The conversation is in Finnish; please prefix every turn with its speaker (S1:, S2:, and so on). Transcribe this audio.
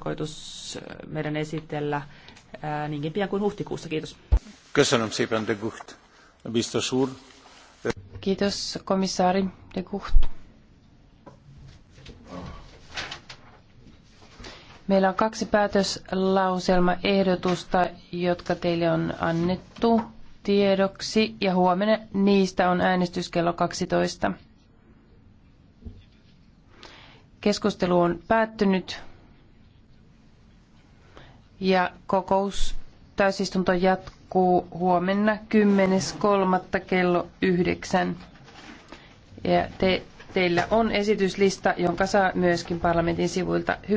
S1: tarkoitus äh, meidän esitellä äh, niinkin pian kuin huhtikuussa. Kiitos.
S2: Kiitos komissaari de Gucht. Meillä on kaksi päätöslauselmaehdotusta, jotka teille on annettu tiedoksi ja huomenna niistä on äänestys kello 12. Keskustelu on päättynyt ja kokous täysistunto jatkuu huomenna 10.3. kello 9. Ja te, teillä on esityslista, jonka saa myöskin parlamentin sivuilta